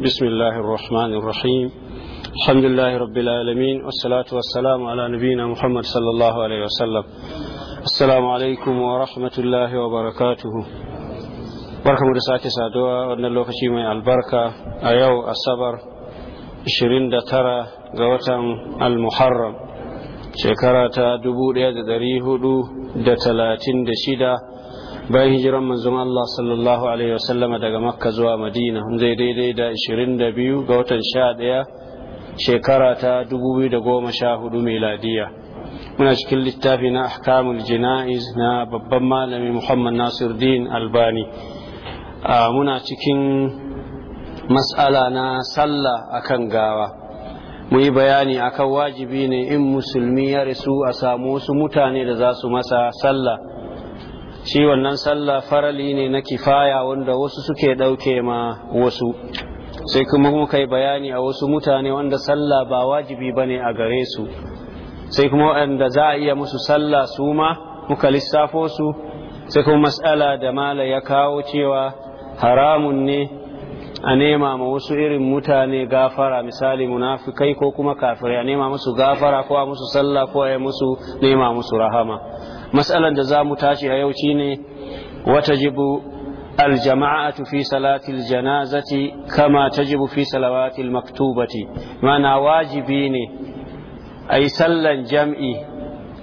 بسم الله الرحمن الرحيم الحمد لله رب العالمين والصلاة والسلام على نبينا محمد صلى الله عليه وسلم السلام عليكم ورحمة الله وبركاته barkamu da sake saduwa wannan lokaci mai albarka a yau asabar 29 ga watan al-muharram shekara ta 1436 bayan hijiran manzon Allah sallallahu alaihi wasallama daga makka zuwa madina zai daidai da 22 ga watan 11 shekara ta 2014 miladiya muna cikin littafi na ahkamul jina'iz na babban malami muhammad nasir din albani muna cikin mas'ala na sallah akan gawa mu yi bayani akan wajibi ne in musulmi ya rasu a samu wasu mutane da za su masa sallah shi wannan sallah farali ne na kifaya wanda wasu suke ɗauke ma wasu sai kuma muka yi bayani a wasu mutane wanda sallah ba wajibi ba ne a gare su sai kuma waɗanda za a iya musu sallah su ma muka lissafo su sai kuma matsala da mala ya kawo cewa haramun ne a nema ma wasu irin mutane gafara misali munafikai ko kuma kafirai a nema musu gafara ko a musu sallah ko a musu nema musu rahama mas'alan da za mu tashi a yau shine jibu aljama'atu fi salati aljanazati kama tajibu fi salawati maktubati mana wajibi ne ai sallan jam'i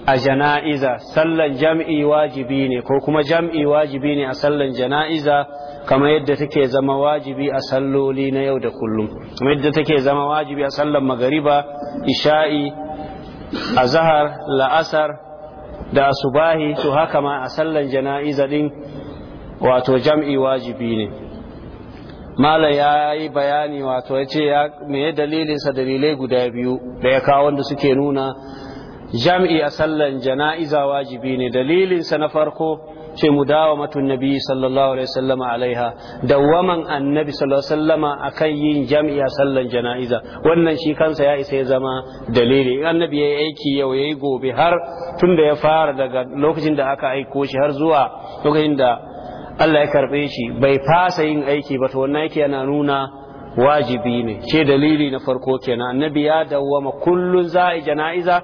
a jana'iza sallan jam'i wajibi ne ko kuma jam'i wajibi ne a sallan jana'iza kamar yadda take zama wajibi a salloli na yau da kullum kamar yadda take zama wajibi a sallan magariba isha'i azahar la'asar da asubahi to haka ma a sallan jana'iza din wato jam'i wajibi ne malam ya yi bayani wato ya ce me dalilinsa dalilai guda biyu da ya kawo wanda suke nuna jam'i a sallan jana'iza wajibi ne dalilinsa na farko ce mu dawo matun nabi sallallahu alaihi wasallama alaiha dawwaman annabi sallallahu alaihi wasallama akan yin jam'i a sallan jana'iza wannan shi kansa ya isa ya zama dalili annabi yayi aiki yau yayi gobe har tunda ya fara daga lokacin da aka aiko shi har zuwa lokacin da Allah ya karbe shi bai fasa yin aiki ba to wannan yake yana nuna wajibi ne ce dalili na farko kenan annabi ya dawwama kullun za'i jana'iza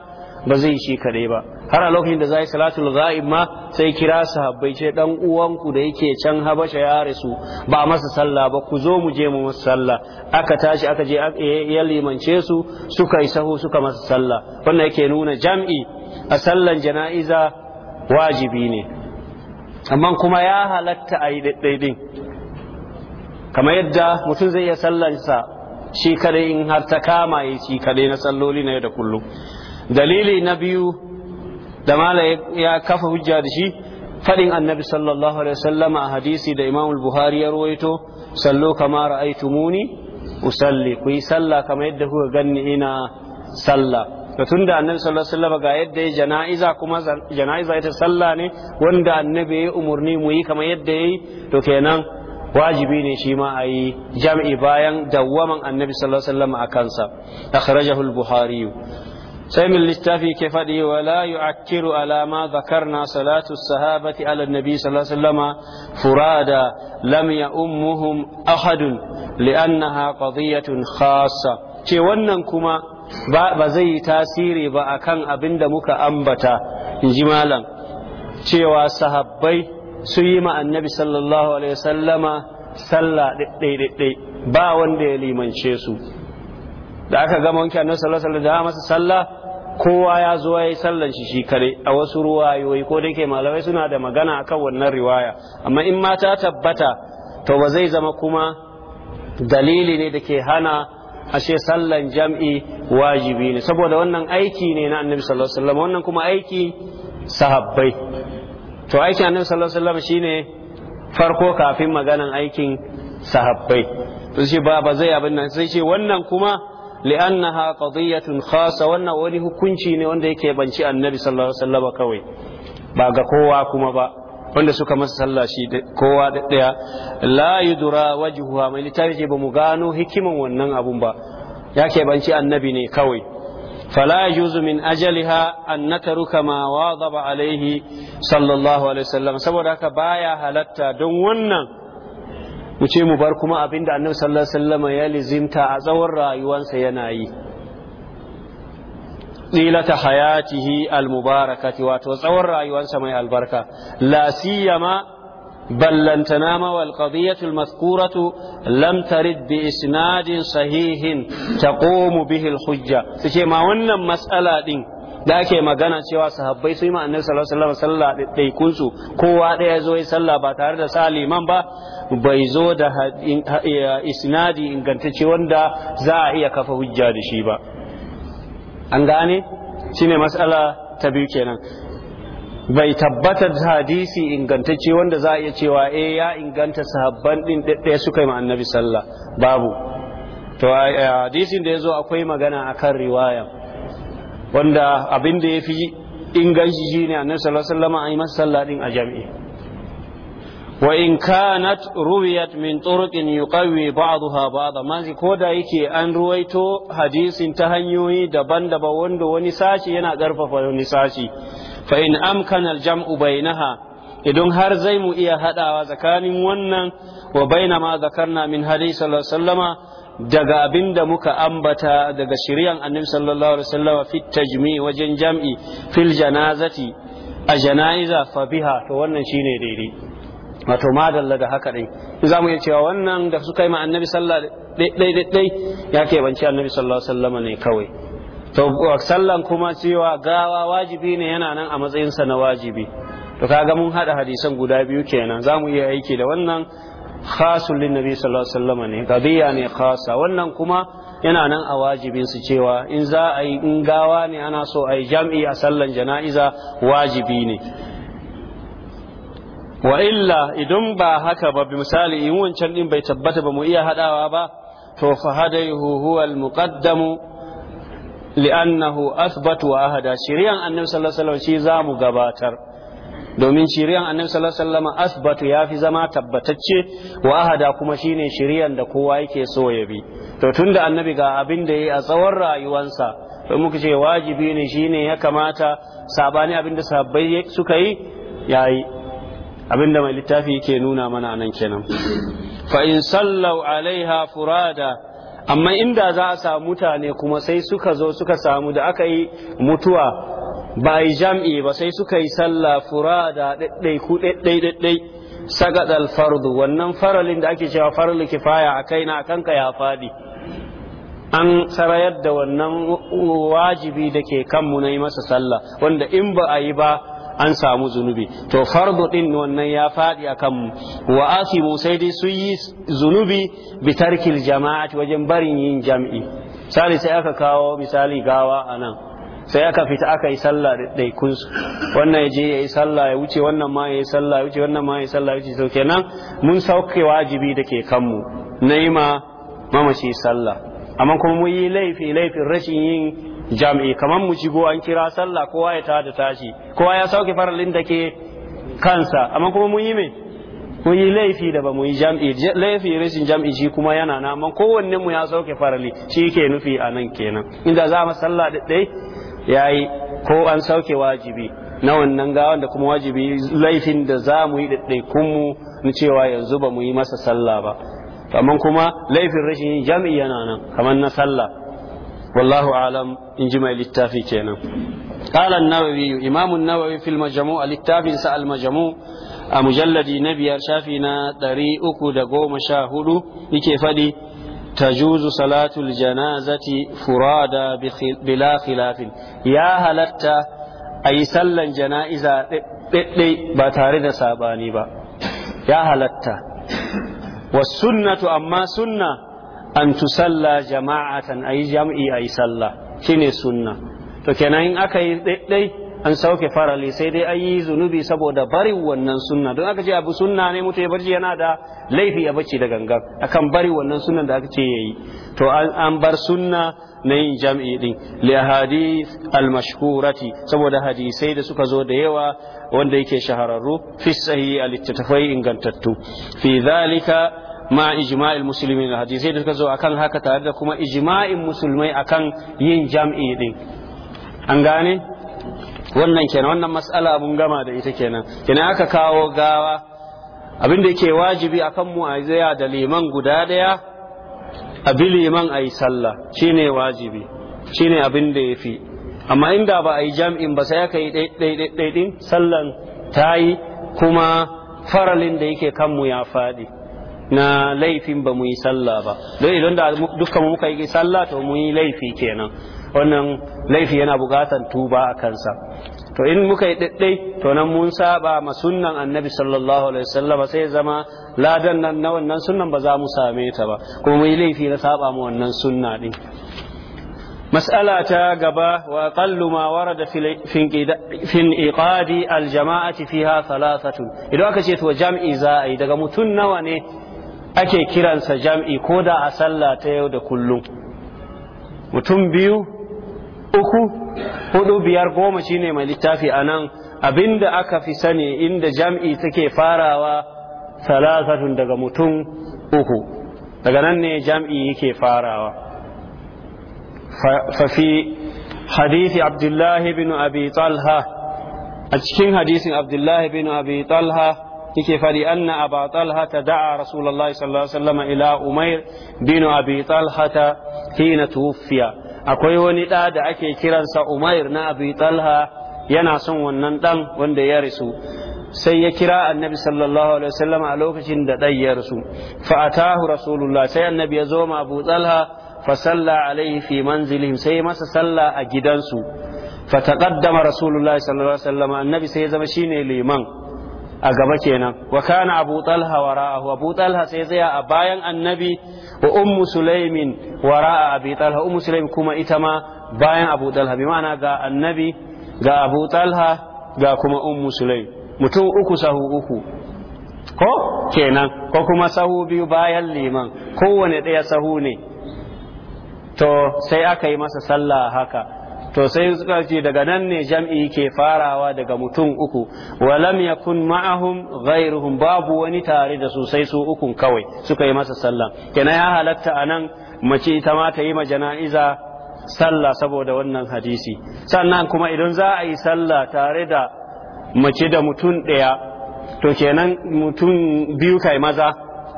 ba zai shi kadai ba har a lokacin da za yi salatul ghaib ma sai kira sahabbai ce dan uwanku da yake can habasha ya rasu ba masa sallah ba ku zo mu je mu masa sallah aka tashi aka je ya limance su suka yi sahu suka masa sallah wannan yake nuna jam'i a sallan jana'iza wajibi ne amma kuma ya halatta a yi daidai kamar yadda mutum zai iya sallansa shi kadai in har ta kama yi shi kadai na salloli na yau da kullum dalili na biyu da mala ya kafa hujja da shi fadin annabi sallallahu alaihi wasallama a hadisi da imam buhari ya rawaito sallo kama ra'aytumuni usalli ku yi sallah kamar yadda kuka ganni ina sallah da tun da annabi sallallahu alaihi wasallama ga yadda ya jana'iza kuma jana'iza ita sallah ne wanda annabi ya umurni mu yi kamar yadda ya yi to kenan wajibi ne shi ma a yi jam'i bayan dawwaman annabi sallallahu alaihi wasallama a kansa akhrajahu al-buhari sai min littafi ke faɗi wa la yu'akkiru alama ma zakarna salatu sahabati ala nabi sallallahu alaihi wasallam furada lam ya'ummuhum ahadun li'annaha qadiyatun khassa ce wannan kuma ba zai yi tasiri ba akan abin da muka ambata in ji malam cewa sahabbai su yi ma annabi sallallahu alaihi wasallama sallah ɗaiɗaiɗai ba wanda ya limance su da aka gama wanke annabi sallallahu alaihi wasallam da masa sallah kowa ya zo ya yi sallan shi shi kare a wasu ruwayoyi ko dai ke malamai suna da magana akan wannan riwaya amma in ma ta tabbata to ba zai zama kuma dalili ne da ke hana ashe sallan jam'i wajibi ne saboda wannan aiki ne na annabi sallallahu alaihi wasallam wannan kuma aiki sahabbai to aikin annabi sallallahu alaihi wasallam shine farko kafin maganan aikin sahabbai to shi ba ba zai abin nan sai ce wannan kuma li'annaha qadiyatun khasa wannan wani hukunci ne wanda yake banci annabi sallallahu alaihi wasallam kawai ba ga kowa kuma ba wanda suka masa sallah shi kowa da daya la yudra wajhuha mai littafi ba mu gano hikiman wannan abun ba yake banci annabi ne kawai fala يجوز min أجلها أن نترك ما واظب عليه صلى الله عليه haka baya halatta don wannan. mu ce mu bar kuma abin da annabi sallallahu alaihi wasallam ya lizimta a tsawon rayuwansa yana yi tsilata hayatihi almubarakati wato tsawon rayuwansa mai albarka la siyama ballantana ma wal qadiyatu almazkuratu lam tarid bi isnadin sahihin taqumu bihi hujja tace ma wannan matsala din da ake magana cewa sahabbai su yi ma annabi sallallahu alaihi wasallam sallah ɗaiɗaikun su kowa ɗaya zo yi sallah ba tare da sa liman ba bai zo da isnadi ingantacce wanda za a iya kafa hujja da shi ba an gane ne matsala ta biyu kenan bai tabbata hadisi ingantacce wanda za a iya cewa e ya inganta sahabban ɗin ɗaya suka yi ma annabi sallah babu to hadisin da ya zo akwai magana akan riwaya wanda abin da ya fi inganci shi ne annabi sallallahu alaihi yi a jami'i wa in kanat ruwiyat min turuqin yuqawi ba'daha ba'da ma ko da yake an ruwaito hadisin ta hanyoyi daban-daban wanda wani sashi yana karfafa wani sashi fa in amkana al-jam'u bainaha idan har zai mu iya haɗawa tsakanin wannan wa baina ma zakarna min hadisi sallallahu alaihi wasallama daga abin da muka ambata daga shiryan annabi sallallahu alaihi wasallam fi tajmi wajen jam'i fil janazati a janaiza fa biha to wannan shine daidai wato madalla da haka dai za mu iya cewa wannan da suka yi ma annabi sallallahu dai ya ke banci annabi sallallahu alaihi wasallam ne kawai to sallan kuma cewa gawa wajibi ne yana nan a matsayinsa na wajibi to kaga mun hada hadisan guda biyu kenan za mu iya aiki da wannan khasul linnabi nabi sallallahu alaihi wasallam ne qadiya ne khasa wannan kuma yana nan a wajibin su cewa in za a yi in gawa ne ana so a yi jam'i a sallan jana'iza wajibi ne wa illa idan ba haka ba misali in wancan din bai tabbata ba mu iya hadawa ba to fa hadaihu huwa al li'annahu athbatu wa ahada shari'an annabi sallallahu alaihi wasallam shi mu gabatar domin shiriyan annabi sallallahu alaihi wasallam asbatu yafi zama tabbatacce wa ahada kuma shine shiriyan da kowa yake so ya bi to tunda annabi ga abin da yayi a tsawon rayuwansa to muka ce wajibi ne shine ya kamata sabani abin da suka yi yayi abin da mai littafi yake nuna mana nan kenan fa in sallau alaiha furada amma inda za a samu mutane kuma sai suka zo suka samu da aka yi mutuwa ba yi jam'i ba sai suka yi sallah furada daɗai ku daɗai daɗai sagad alfardu wannan faralin da ake cewa farali kifaya a kaina a kanka ya faɗi an sarayar da wannan wajibi da ke kanmu na yi masa sallah wanda in ba a yi ba an samu zunubi to fardu din wannan ya faɗi akan mu. wa mu sai dai su yi zunubi bi tarkil jama'at wajen barin yin jam'i misali sai aka kawo misali gawa a nan sai aka fita aka yi sallah da kunsu wannan ya je ya yi sallah ya wuce wannan ma ya yi sallah ya wuce wannan ma ya yi sallah ya wuce sau kenan mun sauke wajibi da ke kanmu na yi ma mamaci sallah amma kuma mun yi laifi laifin rashin yin jami'i kamar mu shigo an kira sallah kowa ya tada tashi kowa ya sauke faralin da ke kansa amma kuma mun yi me mun yi laifi da ba mu yi jam'i laifi rashin jam'i shi kuma yana na amma kowanne mu ya sauke farali shi ke nufi a nan kenan inda za mu sallah daɗai ya yi ko an sauke wajibi na wannan gawan da kuma wajibi laifin da za mu yi mu na cewa yanzu ba mu yi masa sallah ba amma kuma laifin rashin yin jami'i yana nan kamar na sallah wallahu alam in ji mai littafi kenan قال النووي إمام النووي في المجموع الكتاب سأل المجموع مجلد نبي شافينا da goma دقوم hudu لكي فدي تجوز صلاة الجنازة فرادا بلا خلاف يا هلتا أي سلا جنائزة باتارد ساباني با يا هلتا والسنة أما سنة أن تسلى جماعة أي جمعي أي سلا شيني سنة فكنا إن أكي an sauke farali sai dai an yi zunubi saboda bari wannan sunna don aka ce abu sunna ne mutu ya barci yana da laifi ya bacci da gangan akan bari wannan sunna da aka ce yayi to an bar sunna na yin jam'i din li hadith al mashhurati saboda hadisai da suka zo da yawa wanda yake shahararru fi sahihi al littattafai ingantattu fi zalika ma ijma'il muslimin hadisai da suka zo akan haka tare da kuma ijma'in musulmai akan yin jam'i din an gane wannan kenan wannan mas'ala mun gama da ita kenan kenan aka kawo gawa abin da yake wajibi akan mu a zaya da liman guda daya a bi liman a yi sallah shine wajibi shine abin da ya fi amma inda ba a yi jam'in ba sai aka yi ɗaiɗaiɗin sallan ta yi kuma faralin da yake kanmu ya faɗi na laifin ba mu yi sallah ba don idan da dukkan muka yi sallah to mu yi laifi kenan wannan laifi yana buƙatar tuba a kansa to in muka yi ɗaiɗai to nan mun saba ma sunnan annabi sallallahu alaihi wasallam sai zama ladan nan na wannan sunnan ba za mu same ta ba kuma mun yi laifi na saba mu wannan sunna din mas'ala ta gaba wa qallu ma warada fi iqadi al fiha thalathatu idan aka ce to jam'i za a yi daga mutun nawa ne ake kiransa jam'i ko da a sallah ta yau da kullum mutum biyu uku hudu biyar goma shine mai littafi a nan abinda aka fi sani inda jam'i take farawa salasatun daga mutum uku daga nan ne jam'i yake farawa fafi hadisi abdullahi bin abi talha a cikin hadisin abdullahi bin abi talha yake fari anna aba talha ta da'a Rasulallah sallallahu alaihi ila umair bin abi talha hina tuwfiya akwai wani ɗa da ake kiransa umair na abi talha yana son wannan ɗan wanda ya rasu sai ya kira annabi sallallahu alaihi wasallam a lokacin da ɗan ya rasu fa atahu rasulullah sai annabi ya zo ma abu talha fa salla alaihi fi manzilihim sai masa salla a gidansu fa taqaddama rasulullah sallallahu alaihi wasallam annabi sai ya zama shine liman a gaba kenan wa kana abu talha wara'ahu abu talha sai tsaya a bayan annabi wa ummu sulaimin wara'a abi talha ummu sulaimin kuma ita ma bayan abu talha bi ma'ana ga annabi ga abu talha ga kuma ummu sulaim mutum uku sahu uku ko kenan ko kuma sahu biyu bayan liman kowane ɗaya sahu ne to sai aka yi masa sallah haka to sai suka ce daga nan ne jam'i ke farawa daga mutum uku walam yakun ma'ahum ghairuhum babu wani tare da su sai su ukun kawai suka yi masa sallah kenan ya halatta anan mace ita ma ta yi ma jana'iza sallah saboda wannan hadisi sannan kuma idan za a yi sallah tare da mace da mutum ɗaya to kenan mutum biyu kai maza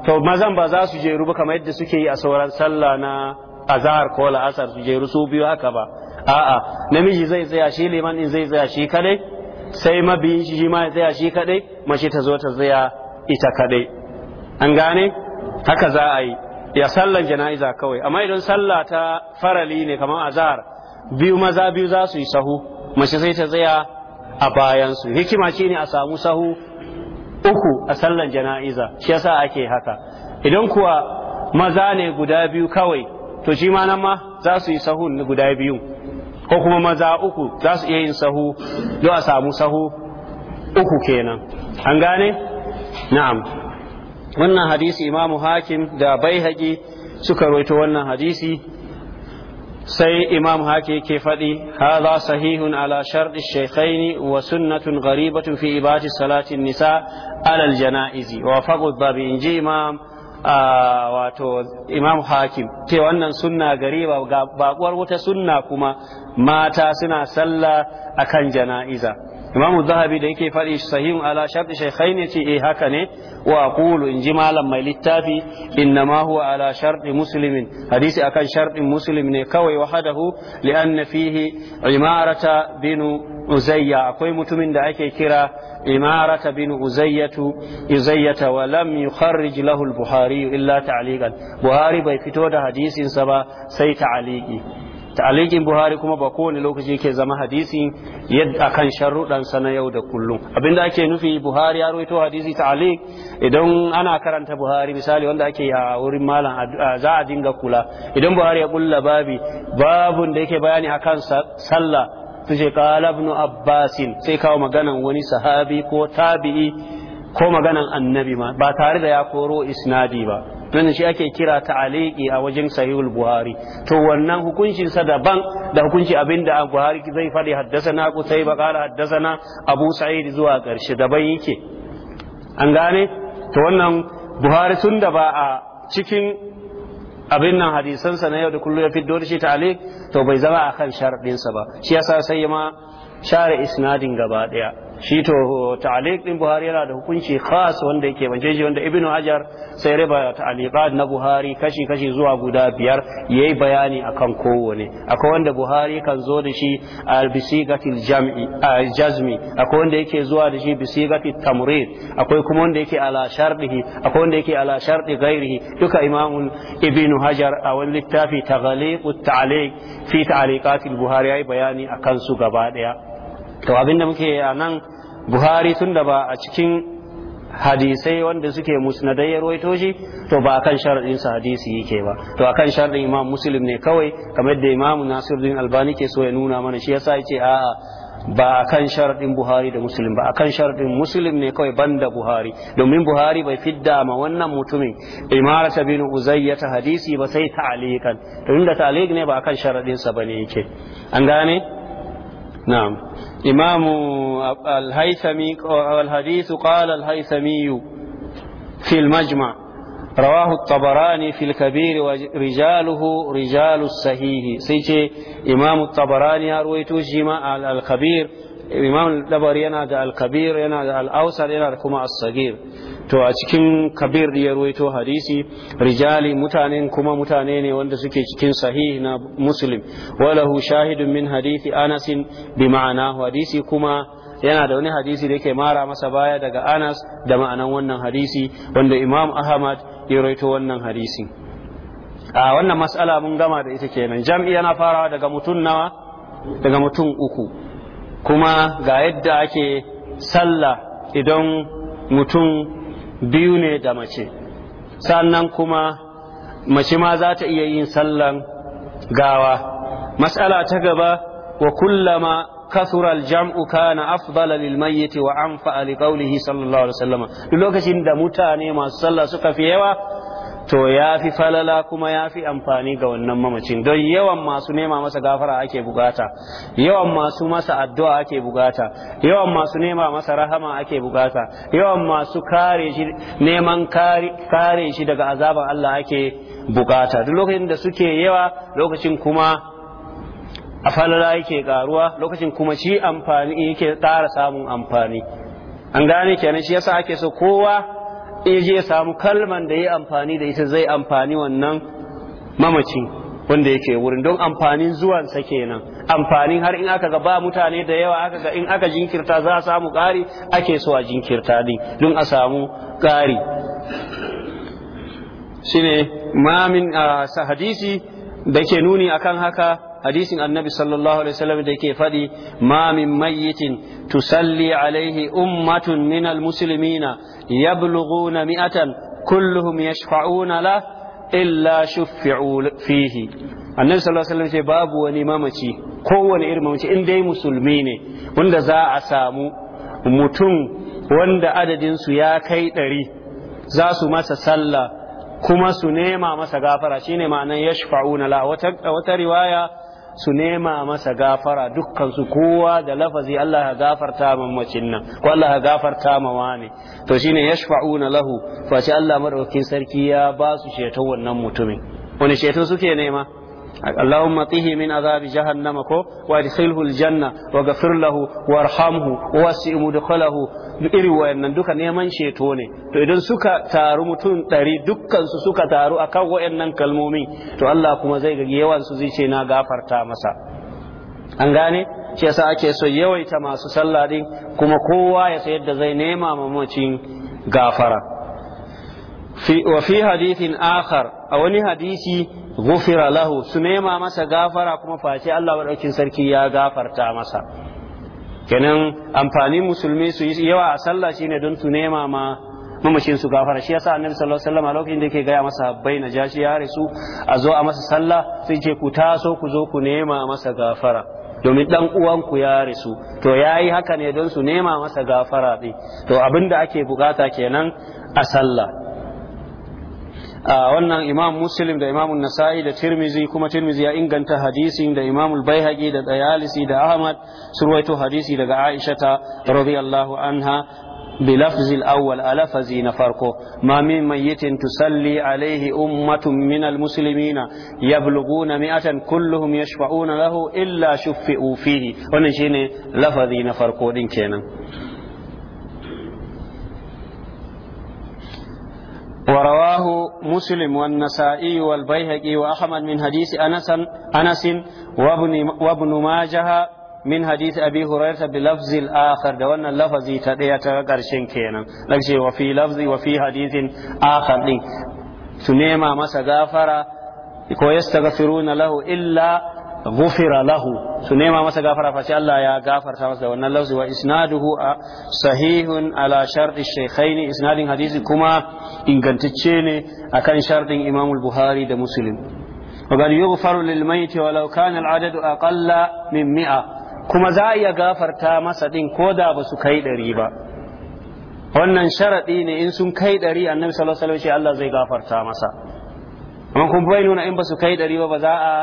to mazan ba za su jeru ba kamar yadda suke yi a sauran sallah na azahar ko la'asar su jeru su biyu haka ba a'a namiji zai tsaya shi liman din zai tsaya shi kadai sai mabiyin shi shi ma ya tsaya shi kadai mace ta zo ta tsaya ita kadai an gane haka za a yi ya sallan jana'iza kawai amma idan sallah ta farali ne kamar azhar biyu maza biyu za su yi sahu mace sai ta tsaya a bayansu hikima shi ne a samu sahu uku a sallan jana'iza shi yasa ake haka idan kuwa maza ne guda biyu kawai to shi ma nan ma za su yi sahun guda biyu ko kuma maza uku za su iya yin sahu don a samu sahu uku kenan an gane na'am wannan hadisi imamu hakim da baihaki suka roito wannan hadisi sai imam haki yake faɗi haza sahihun ala sharɗi shaykhaini wa sunnatun gharibatun fi ibadati salatin nisa alal janaizi wa faqad babin inji imam wato imam hakim ce wannan sunna gari ba bakuwar wata sunna kuma mata suna sallah akan jana'iza imamu zahabi da yake faɗi sahihun ala sharti ne ce eh haka ne wa aqulu in ji malam mai littafi innama huwa ala sharti muslimin hadisi akan shartin muslim ne kawai wahadahu li'anna fihi imarata binu uzayya akwai mutumin da ake kira imarata bin uzayyatu uzayyata wa lam yukharrij lahu al-buhari illa ta'liqan buhari bai fito da hadisin sa ba sai ta'liqi ta'alikin buhari kuma ba kowane lokaci yake zama hadisi yadda akan sharuɗan sa na yau da kullum abinda ake nufi buhari ya rawaito hadisi ta'alik idan ana karanta buhari misali wanda ake a wurin malam za a dinga kula idan buhari ya kulla babi babun da yake bayani akan sallah tuje qala ibn abbasin sai kawo maganan wani sahabi ko tabi'i ko maganan annabi ma ba tare da ya koro isnadi ba wannan shi ake kira ta'aliki a wajen sahihul buhari to wannan hukuncin sa daban da hukunci abinda a buhari zai fadi haddasana ku sai ba kala na abu sa'id zuwa karshe daban yake an gane to wannan buhari tun da ba a cikin abin nan hadisansa na yau da kullum ya fiddo da shi ta'alik to bai zama akan sharadin sa ba shi yasa sai ma share isnadin gaba daya shi to ta'aliq din buhari yana da hukunci khas wanda yake bance shi wanda ibnu hajar sai raba ta'aliqat na buhari kashi kashi zuwa guda biyar yayi bayani akan kowane akwai wanda buhari kan zo da shi bisigatil jam'i jazmi akwai wanda yake zuwa da shi bisigatil tamrid akwai kuma wanda yake ala shardihi akwai wanda yake ala shardi ghairihi duka imamun ibnu hajar a wani littafi taghliqut ta'aliq fi ta'aliqatil buhari yayi bayani akan su gaba daya to abinda muke a nan buhari tun da ba a cikin hadisai wanda suke musnadai ya rawaito shi to ba akan sharadin sa hadisi yake ba to akan sharadin imam muslim ne kawai kamar da imam nasiruddin albani ke so ya nuna mana shi yasa yace a'a ba akan sharadin buhari da muslim ba akan sharadin muslim ne kawai banda buhari domin buhari bai fidda ma wannan mutumin imarata bin uzayya ta hadisi ba sai ta'alikan to inda ne ba akan sharadin sa bane yake an gane نعم إمام الهيثمي الحديث قال الهيثمي في المجمع رواه الطبراني في الكبير ورجاله رجال الصحيح سيجي إمام الطبراني رويته جماع الكبير إمام الطبري ينادى الكبير ينادى الأوسر ينادى كما الصغير to a cikin kabir ya ruwaito hadisi rijali mutanen kuma mutane ne wanda suke cikin sahihi na muslim walahu shahidun min hadisi anasin bi ma'ana hadisi kuma yana da wani hadisi da yake mara masa baya daga anas da ma'anan wannan hadisi wanda imam ahmad ya ruwaito wannan hadisi a wannan mas'ala mun gama da ita kenan jam'i yana farawa daga mutum nawa daga mutum uku kuma ga yadda ake sallah idan mutum biyu ne da mace sannan kuma mace ma za ta iya yin sallan gawa mas'ala ta gaba wa kullama kathura jam'u kana afdala lil mayyiti wa anfa li qawlihi sallallahu alaihi wasallam lokacin da mutane masu sallah suka fi yawa to ya fi falala kuma ya fi amfani ga wannan mamacin don yawan masu nema masa gafara ake bugata yawan masu masa addu'a ake bugata yawan masu nema masa rahama ake bugata yawan masu kare shi neman kare shi daga azaban Allah ake bugata duk lokacin da suke yawa lokacin kuma a falala yake karuwa lokacin kuma shi amfani yake tsara samun amfani an gane kenan shi yasa ake so kowa in je samu kalman da ya amfani da ita zai amfani wannan mamacin wanda yake wurin don amfanin zuwansa kenan amfanin har in aka ga ba mutane da yawa aka ga in aka jinkirta za a samu ƙari ake so a jinkirta din don a samu ƙari shine ma min ah, hadisi da ke nuni akan haka hadisin annabi sallallahu alaihi wasallam da yake faɗi mamin min mayyitin tusalli alaihi ummatun min musulmina yabluguna mi'atan kulluhum yashfa'una la illa shuffi'u fihi annabi sallallahu alaihi wasallam ce babu wani mamaci kowane irin mamaci in dai musulmi ne wanda za a samu mutum wanda adadinsu ya kai ɗari za su masa sallah kuma su nema masa gafara shine ma'anan yashfa'una wata riwaya su nema masa gafara dukkan su kowa da lafazi Allah ya gafarta ma macin nan ko Allah ya gafarta ma wani to shine yashfa'una lahu fa Allah madaukakin sarki ya ba su ceton wannan mutumin wani ceto suke nema اللهم طه من عذاب جهنم كو وادخله الجنة وغفر له وارحمه ووسع مدخله iri wayannan duka neman ceto ne to idan suka taru mutum ɗari dukkansu suka taru akan wayannan kalmomi. to Allah kuma zai gage yawan su zai ce na gafarta masa an gane shi yasa ake so yawaita masu sallah din kuma kowa ya sayar zai nema mamacin gafara wa fi hadithin akhar a wani hadisi gufira lahu su nema masa gafara kuma face Allah madaukin sarki ya gafarta masa kenan amfani musulmi su yi yawa a sallah shine don su nema ma mamashin su gafara shi yasa annabi sallallahu alaihi wasallam a lokacin da yake gaya masa bai na jashi ya rasu a zo a masa sallah sai ce ku taso ku zo ku nema masa gafara domin dan uwanku ya rasu to yayi haka ne don su nema masa gafara din to abin da ake bukata kenan a sallah Ah, wannan imam muslim da imam nasa'i da tirmizi kuma tirmizi ya inganta hadisin da imam al da dayalisi da ahmad surwaito hadisi daga aishata radiyallahu anha بلفظ الأول ألفزي نفرقه ما من ميت تسلي عليه أمة من المسلمين يبلغون مئة كلهم يشفعون له إلا شفئوا فيه lafazi na farko دين kenan. ورواه مسلم والنسائي والبيهقي وأحمد من حديث أنس أنس وابن وابن ماجه من حديث أبي هريرة بلفظ الآخر دون اللفظ تدية قرشين كينا لكن وفي لفظ وفي حديث آخر تنيما مسا غافرة ويستغفرون له إلا غفر su nema masa غفر فشي Allah ya gafarta تامس wannan lafzi wa isnaduhu sahihun ala shardi ash-shaykhain isnadin hadisi kuma ingantacce ne akan shardin Imam buhari da Muslim wa qad yughfaru lil mayt walau kana al-adad aqalla min mi'a kuma za a iya gafarta masa din koda ba su kai ɗari ba wannan sharaɗi ne in sun kai ɗari annabi sallallahu alaihi wasallam Allah zai gafarta masa amma kun bai nuna in ba su kai ɗari ba ba za a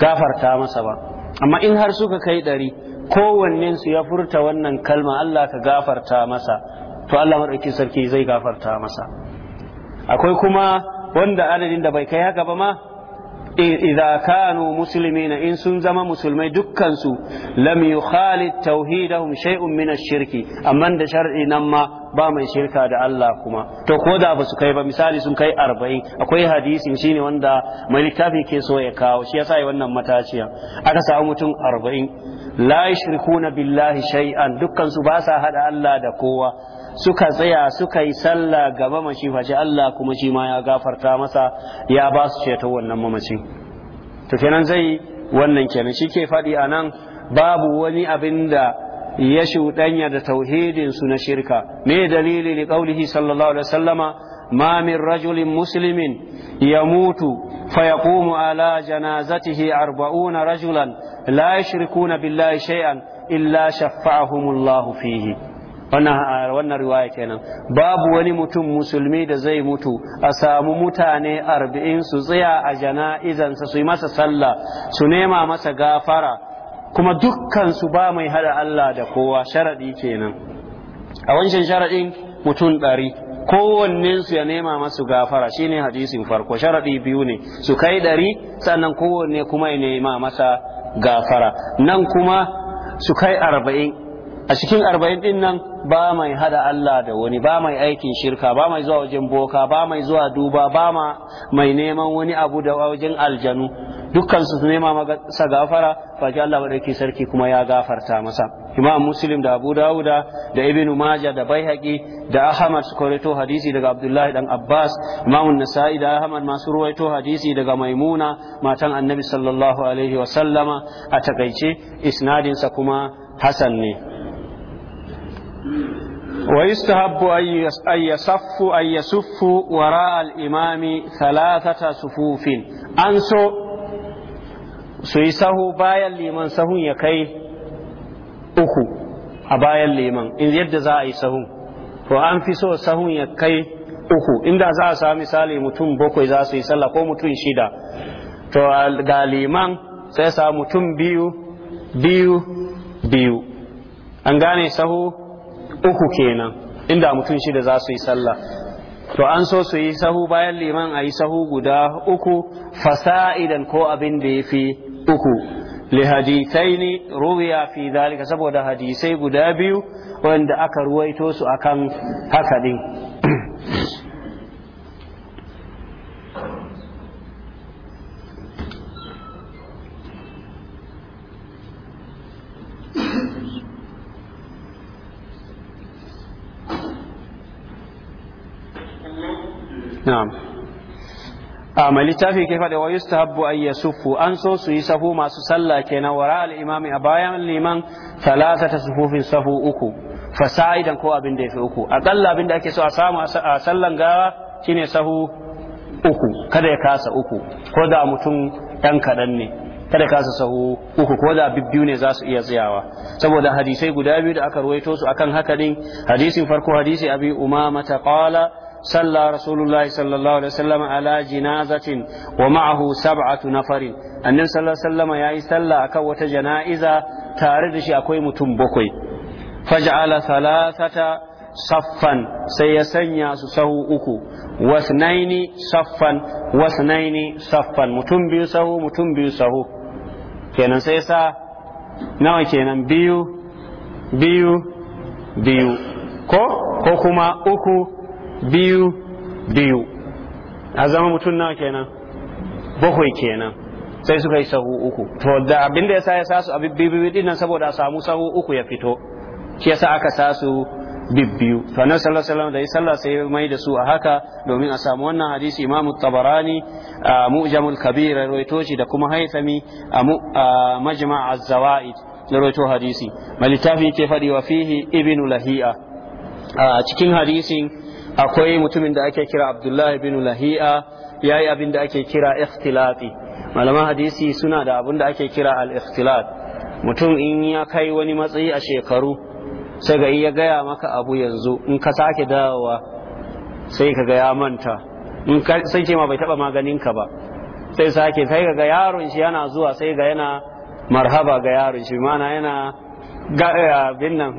gafarta masa ba amma in har suka kai ɗari kowannen su ya furta wannan kalma Allah ka gafarta masa to Allah maɗauki sarki zai gafarta masa akwai kuma wanda adadin da bai kai haka ba ma idza kanu muslimina in sun zama musulmai dukkansu su lam yukhalid tauhidahum shay'un min ash-shirki amma da shar'i nan ma ba mai shirka da Allah kuma to ko da ba su kai ba misali sun kai arba'in akwai hadisin shine wanda mai littafi ke so ya kawo shi yasa yi wannan mataciya aka samu mutum arba'in la na billahi shay'an dukkan su ba sa hada Allah da kowa suka tsaya suka yi sallah gaba mashi face Allah kuma shi ma ya gafarta masa ya ba su ceto wannan mamaci to kenan zai wannan kenan shi ke faɗi anan babu wani abin da ya shuɗanya da tauhidinsu na shirka me dalili li qaulihi sallallahu alaihi wasallama ma min rajulin muslimin ya fayaqumu ala janazatihi arba'una rajulan la yushrikuna billahi shay'an illa shaffa'ahumullahu fihi wannan riwaya kenan babu wani mutum musulmi da zai mutu a samu mutane arba'in su tsaya a jana'izansa su yi masa sallah su nema masa gafara kuma dukkansu ba mai hada Allah da kowa sharadi kenan a wancan sharadin mutum ɗari kowannensu ya nema masu gafara shine hadisin farko sharaɗi biyu ne su kai ɗari sannan kowanne kuma ya nema masa gafara nan kuma su kai arba'in a cikin arba'in din nan ba mai hada Allah da wani ba mai aikin shirka ba mai zuwa wajen boka ba mai zuwa duba ba mai neman wani abu da wajen aljanu dukkan su nema masa gafara faki Allah madauki sarki kuma ya gafarta masa Imam Muslim da Abu Dawuda da Ibn Majah da Baihaqi da Ahmad su koreto hadisi daga Abdullah dan Abbas Imam Nasa'i da Ahmad masu ruwaito hadisi daga Maimuna matan Annabi sallallahu alaihi wa sallama a takaice isnadin sa kuma hasan ne ويستحب أن يصف أن يصف وراء الإمام ثلاثة an so. su yi sahu bayan liman sahun ya kai uku a bayan liman in yadda za a yi sahun to an fi so sahun ya kai uku inda za a sami misali mutum bakwai za su yi sallah ko mutum shida to ga liman sai sa mutum biyu biyu biyu an gane sahu uku kenan inda mutum shida za su yi sallah to an so su yi sahu bayan liman a yi sahu guda uku fasa'idan ko abin da ya fi uku lihadithaini ruwiya fi dalika saboda hadisai guda biyu wanda aka ruwaito su akan haka din a mai ke faɗa wa yustahabbu an yasuffu an so su yi sahu masu sallah kenan wara al-imami a bayan liman talata ta sufufin sahu uku fasa'idan ko abin da yafi uku akalla abin da ake so a samu a sallan gawa shine sahu uku kada ya kasa uku ko da mutum ɗan kaɗan ne kada kasa sahu uku ko da bibbiyu ne za su iya tsayawa saboda hadisai guda biyu da aka ruwaito su akan haka din hadisin farko hadisi abi umama ta qala صلى رسول الله صلى الله عليه وسلم على جنازة ومعه سبعة نفر النبي صلى الله عليه وسلم يا صلى أكوة جنائزة تاردش أكوي متنبكوي فجعل ثلاثة صفا سيسنيا سسه أكو واثنين صفا واثنين صفا متنبي سهو متنبي سهو كينا سيسا نوى كينا بيو بيو بيو كو كو كما أكو biyu biyu a zama mutum nawa kenan bakwai kenan sai suka yi sahu uku to da abin da sa ya sa su bibbiyu dinnan saboda a samu sahu uku ya fito shi yasa aka sa su bibbiyu to nan sallallahu alaihi wasallam da sallah sai mai da su a haka domin a samu wannan hadisi imam tabarani a mu'jamul kabir rawaito shi da kuma haythami a majma' az-zawaid rawaito hadisi malitafi ke fadi wa fihi ibnu lahi'a a cikin hadisin akwai mutumin da ake kira abdullahi bin lahi'a ya yi abin da ake kira ikhtilati malaman hadisi suna da abin da ake kira al-ikhtilat mutum in ya kai wani matsayi a shekaru sai ga ya gaya maka abu yanzu in ka sake dawowa sai ka ga ya manta in sai ce ma bai taba maganin ka ba sai sake sai ga yaron shi yana zuwa sai ga yana marhaba ga yaron shi mana yana Eh, abin nan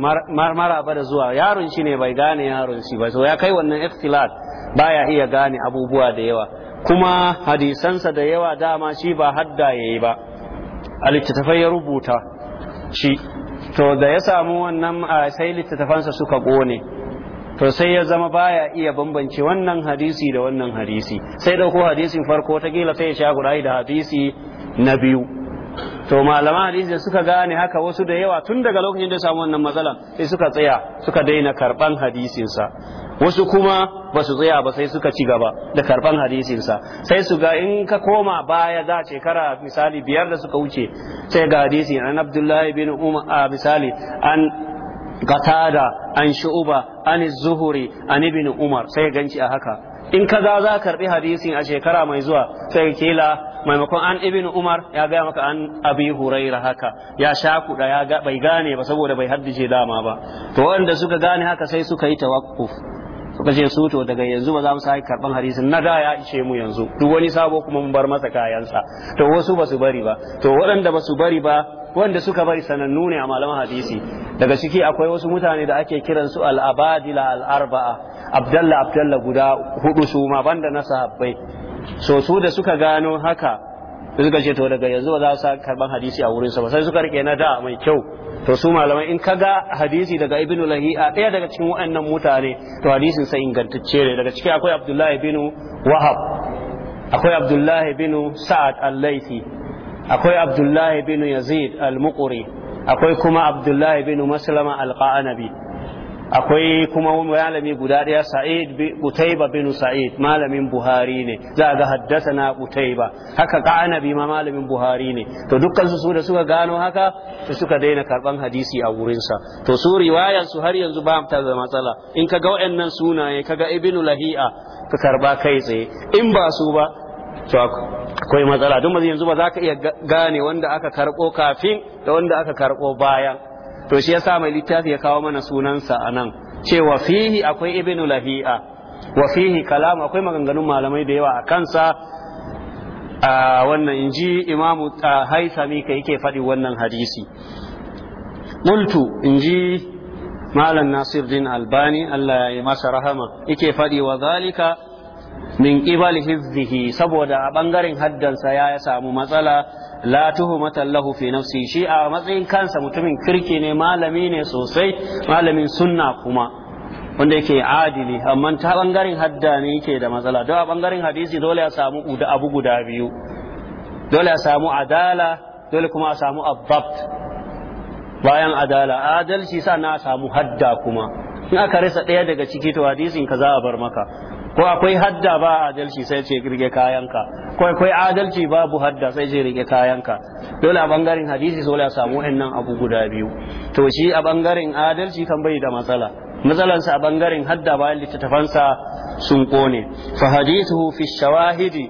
maraba da zuwa yaron shi ne bai gane yaron shi ba so ya kai wannan ikhtilat baya iya gane abubuwa da yawa kuma hadisansa da yawa dama shi ba hadda yayi ba a littattafai ya rubuta shi to da ya samu wannan sai littattafansa suka gone to sai ya zama baya iya bambance wannan hadisi da wannan hadisi sai dauko hadisin farko ta kila sai ya sha guda da hadisi na biyu to malaman hadisi suka gane haka wasu da yawa tun daga lokacin da samu wannan matsalan sai suka tsaya suka daina karban hadisinsa wasu kuma ba su tsaya ba sai suka ci gaba da karban hadisinsa sai su ga in ka koma baya da shekara misali biyar da suka wuce sai ga hadisi an abdullahi bin umar misali an an an an umar Umar sai a haka in ka za za karbi hadisin a shekara mai zuwa sai kila. maimakon an ibn umar ya gaya maka an abi huraira haka ya sha kuɗa ya bai gane ba saboda bai haddace dama ba to wanda suka gane haka sai suka yi tawakkuf suka ce su to daga yanzu ba za mu sake karban hadisin na da ya ishe mu yanzu duk wani sabo kuma mun bar masa kayansa to wasu ba su bari ba to waɗanda ba su bari ba wanda suka bari sanannu ne a malaman hadisi daga ciki akwai wasu mutane da ake kiran su al-abadila al-arba'a abdalla abdalla guda hudu su ma banda na sahabbai so su da suka gano haka suka ce to daga yanzu za su karban hadisi a wurinsa ba sai suka rike na da mai kyau to su malamai in kaga hadisi daga ibnu lahi'a ɗaya daga cikin waɗannan mutane to hadisin sai ingantacce ne daga ciki akwai abdullahi bin wahab akwai abdullahi bin sa'ad al-laifi akwai abdullahi bin yazid al-muqri akwai kuma abdullahi bin maslama al-qanabi akwai kuma malami guda daya sa'id qutayba bin sa'id malamin buhari ne za ga haddathana qutayba haka annabi ma malamin buhari ne to dukkan su da suka gano haka su suka daina karban hadisi a wurinsa to su riwayan su har yanzu ba ta da matsala in ka ga wayannan sunaye kaga ibnu lahi'a ka karba kai tsaye in ba su ba to akwai matsala don yanzu ba za ka iya gane wanda aka karbo kafin da wanda aka karbo bayan to shi yasa mai littafi ya kawo mana sunansa a nan cewa fihi akwai ibnu lahi'a wa fihi kalam akwai maganganun malamai da yawa a kansa a wannan inji imamu haisami ka yake faɗi wannan hadisi qultu inji malam nasir din albani Allah ya masa rahama yake faɗi wa zalika min qibali hizzihi saboda a bangaren haddansa ya samu matsala la tuhumatan lahu fi nafsi shi a matsayin kansa mutumin kirki ne malami ne sosai malamin sunna kuma wanda yake adili amma ta bangaren hadda ne yake da matsala don a bangaren hadisi dole a samu abu guda biyu dole a samu adala dole kuma a samu abbat bayan adala adalci sa na samu hadda kuma in aka rasa ɗaya daga ciki to hadisin ka za a bar maka ko akwai hadda ba adalci sai ce rike kayanka ko akwai adalci babu hadda sai ce rike kayanka dole a bangaren hadisi dole a samu wannan abu guda biyu to shi a bangaren adalci kan bai da matsala matsalansa a bangaren hadda bayan littattafansa sun kone fa hadithu fi shawahidi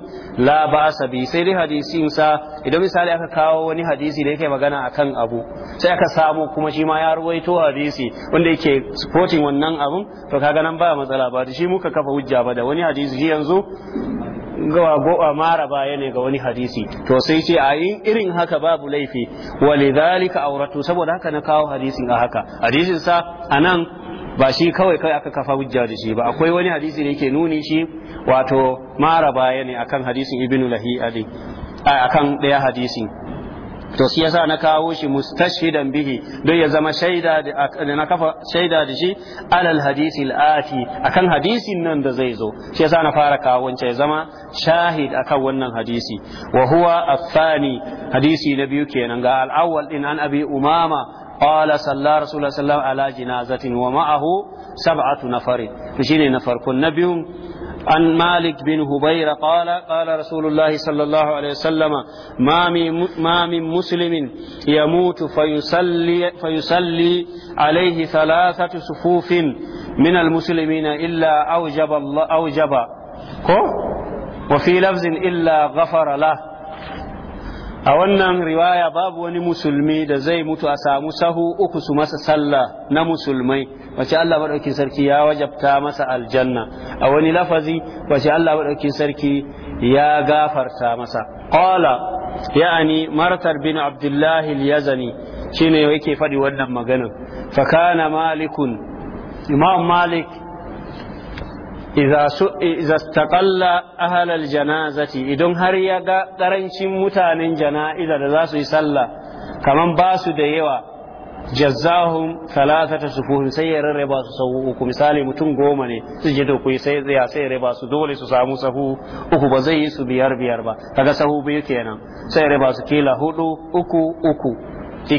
la ba'sa sai dai hadisin sa idan misali aka kawo wani hadisi da yake magana akan abu sai aka samu kuma shi ma ya ruwaito hadisi wanda yake supporting wannan abun to kaga nan ba matsala ba shi muka kafa hujja ba da wani hadisi shi yanzu gawa goa mara baya ne ga wani hadisi to sai ce a yi irin haka babu laifi walidhalika auratu saboda haka na kawo hadisin a haka hadisin sa anan ba shi kawai kai aka kafa hujja da shi ba akwai wani hadisi da yake nuni shi wato mara baya ne akan hadisin ibnu adi a akan daya hadisi to shi yasa na kawo shi mustashhidan bihi don ya zama shaida da na kafa shaida da shi alal hadisi al'ati akan hadisin nan da zai zo shi yasa na fara kawo wancan ya zama shahid akan wannan hadisi wa huwa athani hadisi na biyu kenan ga al-awwal din an abi umama qala salla rasulullah ala jinazatin wa ma'ahu sab'atu nafari to shine na farkon na biyun an malik bin hubayra qala qala rasulullah sallallahu alaihi wasallama ma min ma min muslimin yamutu fayusalli fayusalli alaihi thalathatu sufufin min almuslimina illa awjaba Allah awjaba ko وفي لفظ إلا غفر له a wannan riwaya babu wani musulmi da zai mutu a samu sahu uku su masa sallah na musulmai wace Allah maɗaukin sarki ya wajabta masa aljanna a wani lafazi wace Allah maɗaukin sarki ya gafarta masa qala ya'ani martar bin Abdullahi al-yazani shine yake faɗi wannan magana fa kana malikun imam malik iza staƙalla ahalal janazati idan har ya ga ƙarancin mutanen jana'iza da za su yi sallah kaman ba su da yawa jazzahum talatata sufuhun sai ya rarraba su sahu uku misali mutum goma ne su je da kuyi sai ya sai raba su dole su samu sahu uku ba zai yi su biyar biyar ba kaga sahu biyu kenan sai raba su kila hudu uku uku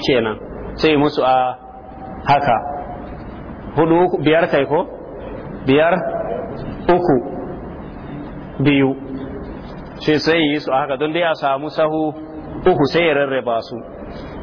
kenan sai musu a haka hudu biyar kai ko biyar uku biyu shi sai yi su haka don dai a samu sahu uku sai ya rarraba su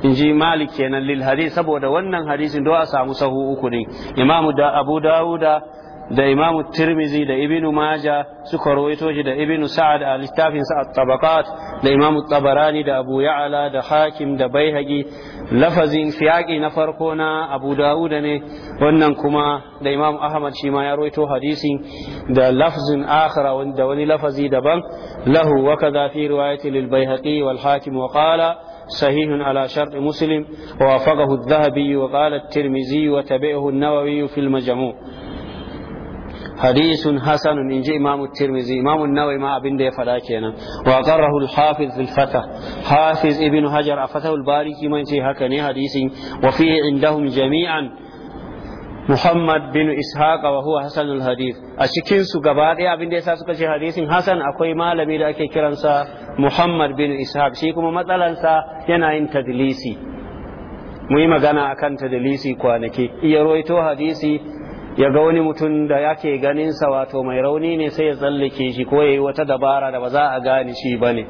in ji malik kenan lil hadis saboda wannan hadisin do a samu sahu uku ne imamu da abu dawuda da imam tirmizi da ibinu maja suka rawaito shi da ibinu sa'ad a littafin sa at-tabaqat da imam tabarani da abu ya'la da hakim da baihaqi lafazin siyaqi na farko na abu dauda ne wannan kuma da imam ahmad shi ma ya rawaito hadisin da lafzin akhara wanda wani lafazi daban lahu wa kadha fi riwayati lil baihaqi wal hakim wa qala صحيح على شرط مسلم ووافقه الذهبي وقال الترمذي وتبعه النووي في المجموع hadisun hasanun in ji imamu tirmizi imamu nawai ma abin da ya fada kenan wa qarrahu al-hafiz fil hafiz ibn hajar a fatahul bari kiman ce haka ne hadisin wa indahum jami'an Muhammad bin Ishaq wa huwa Hasan a cikin su gaba ɗaya abin da sa suka ce hadisin Hasan akwai malami da ake kiransa Muhammad bin Ishaq shi kuma matsalansa yana yin tadlisi mu yi magana akan tadlisi kwanaki iya roito hadisi ya ga wani mutum da yake ganin sa wato mai rauni ne sai ya tsallake shi ko yayi wata dabara da ba za a gane shi bane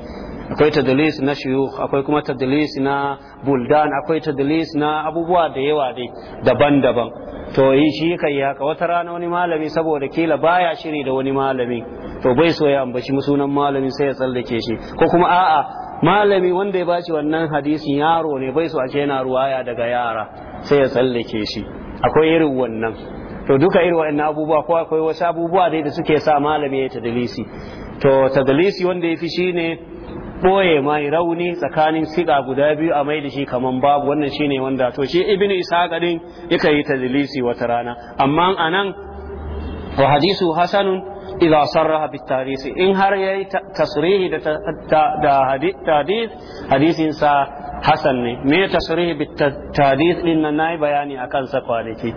akwai tadlis na shuyukh akwai kuma tadlis na buldan akwai tadlis na abubuwa da yawa dai daban-daban to yi shi kai haka wata rana wani malami saboda kila baya shiri da wani malami to bai so ya ambaci sunan malamin sai ya tsallake shi ko kuma a'a malami wanda ya baci wannan hadisin yaro ne bai so a ce yana ruwaya daga yara sai ya tsallake shi akwai irin wannan to duka irin wa'annan abubuwa ko akwai wasu abubuwa dai da suke sa malami ya tadalisi to tadalisi wanda ya fi ne boye mai rauni tsakanin siga guda biyu a mai da shi kaman babu wannan shine wanda to shi ibnu ishaqa din yake yi tadalisi wata rana amma anan wa hadisu hasanun idza sarraha bit in har yayi yi tasirihi da hadisin sa hasan ne me tasirihi bit din nan nayi bayani akan sa kwanaki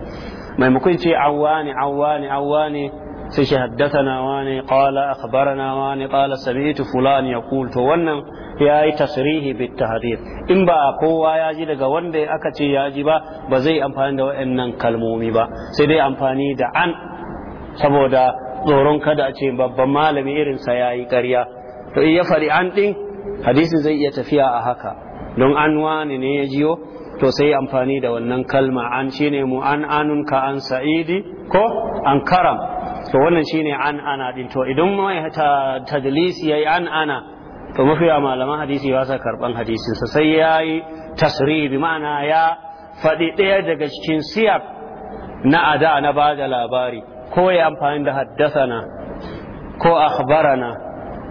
maimakon ce awwani awwani awwani sai shi haddathana wani qala akhbarana wani qala sami'tu fulani ya to wannan ya yi tasrihi bit tahdid in ba kowa ya ji daga wanda aka ce ya ji ba ba zai amfani da waɗannan kalmomi ba sai dai amfani da an saboda tsoron kada a ce babban malami irinsa yi karya. to in ya faɗi an ɗin hadisin zai iya tafiya a haka don an wani ne ya jiyo to sai amfani da wannan kalma an shine mu an anun ka an sa'idi ko an karam to wannan shine an ana din to idan mai tadlisi yayi an ana to mafi malaman hadisi ba sa karban hadisin sai yayi tasri bi ma'ana ya faɗi ɗaya daga cikin siyar na ada na ba da labari ko ya amfani da haddasana ko akhbarana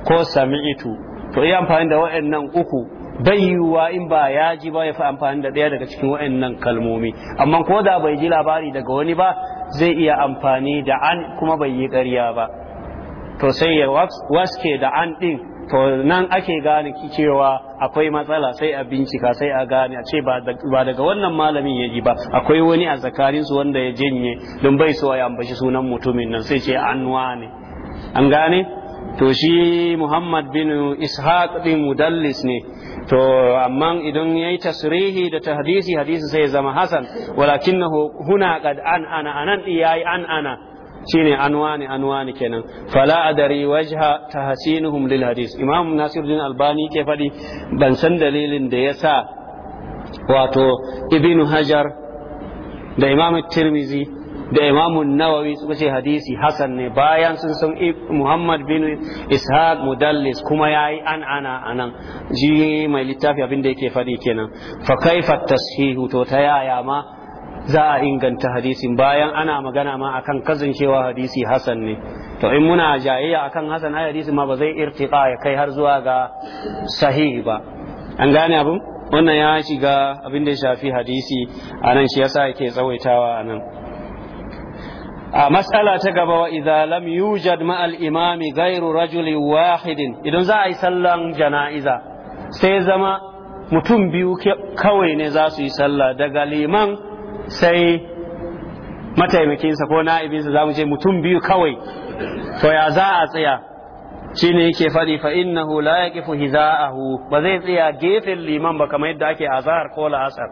ko sami'itu to ya amfani da waɗannan uku bai in ba ya ji ba ya fi amfani da ɗaya daga cikin wa'annan kalmomi amma ko da bai ji labari daga wani ba zai iya amfani da an kuma bai yi ƙarya ba to sai ya waske da an ɗin to nan ake gane cewa akwai matsala sai a bincika sai a gane a ce ba daga wannan malamin ya ji ba akwai wani a su wanda ya janye don bai so ya ambaci sunan mutumin nan sai ce an wane an gane to shi Muhammad bin Ishaq din mudallis ne to amma idan yayi tasrihi da tahdisi hadisi sai zama hasan walakinahu huna kad an ana anan yayi an ana shine anwani anwani kenan fala adari wajha tahsinuhum lil hadis imam nasiruddin albani ke fadi ban san dalilin da yasa wato ibnu hajar da imam tirmizi da imam nawawi suka ce hadisi hasan ne bayan sun san muhammad bin ishaq mudallis kuma ya yi an ana a nan ji mai littafi abinda yake faɗi kenan fa kaifa tashihu to ta yaya ma za a inganta hadisin bayan ana magana ma akan cewa hadisi hasan ne to in muna jayayya akan hasan ai hadisi ma ba zai irtiqa ya kai har zuwa ga sahihi ba an gane abun wannan ya shiga abin da ya shafi hadisi a nan shi yasa yake tsawaitawa a nan A matsala ta gaba wa idza lam yujad ma al imami ghairu rajuli wahidin idan za a yi sallan jana'iza sai zama mutum biyu kawai ne za su yi sallah daga liman sai mataimakinsa ko na'ibinsa za mu ce mutum biyu kawai to ya za a tsaya shi ne yake faɗi fa innahu la yaqifu hiza'ahu ba zai tsaya gefen liman ba kamar yadda ake azhar ko la'asar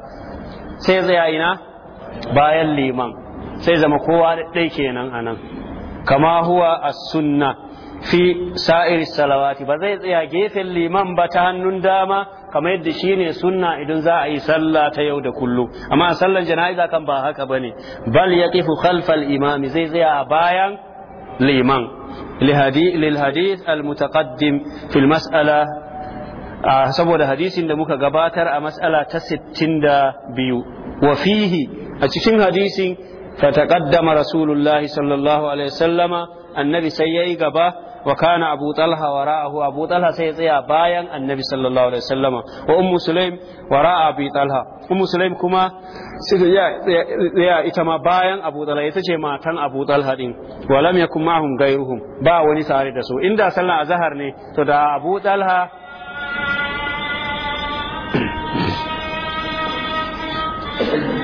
sai tsaya ina bayan liman sai zama kowa ɗai kenan anan kama huwa a sunna fi sa'ir salawati ba zai tsaya gefen liman ba ta hannun dama kamar yadda shine sunna idan za a yi sallah ta yau da kullum amma a sallar jana'iza kan ba haka bane bal ya yaqifu khalfal imami zai tsaya a bayan liman lil hadith fil mas'ala saboda hadisin da muka gabatar a mas'ala ta 62 wa fihi a cikin hadisin فتقدم رسول الله صلى الله عليه وسلم النبي سيئي قبا وكان أبو طلحة وراءه أبو طلحة سيئي بايا النبي صلى الله عليه وسلم وأم سليم وراء أبي طلحة أم سليم كما يا إتما بايا أبو طلحة يتجي ما تن أبو طلحة دين ولم يكن معهم غيرهم با ونساري دسو إن دا سلنا أزهرني تدا أبو طلحة Thank you.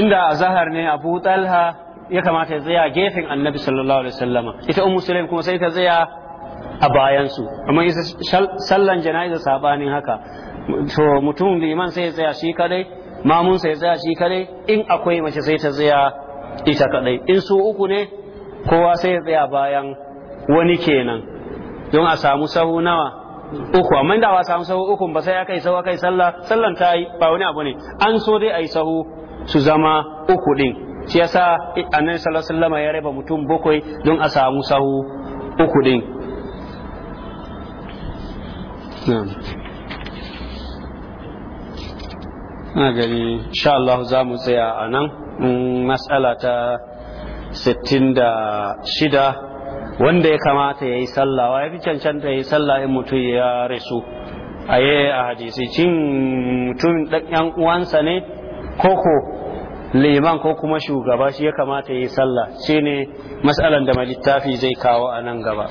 inda a zahar ne abu talha ya kamata ya tsaya gefen annabi sallallahu alaihi wasallama ita ummu sulaim kuma sai ta tsaya a bayansu amma isa sallan jana'iza sabanin haka to mutum liman sai ya tsaya shi kadai mamun sai ya tsaya shi kadai in akwai mace sai ta tsaya ita kadai in su uku ne kowa sai ya tsaya bayan wani kenan don a samu sahu nawa uku amma da ba samu sahu uku ba sai ya kai sahu kai sallah sallan ta yi ba wani abu ne an so dai a yi sahu su zama uku din shi yasa annabi sallallahu alaihi wasallam ya raba mutum bakwai don a samu sahu uku din na gani insha Allah za mu tsaya a nan mm, matsala ta 66 wanda ya kamata ya yi sallawa ya fi cancanta ya yi sallah in mutum ya rasu a yi a hadisi cin mutum ɗan uwansa ne koko liman ko kuma shugaba shi ya kamata ya yi sallah shine matsalan da mai littafi zai kawo a nan gaba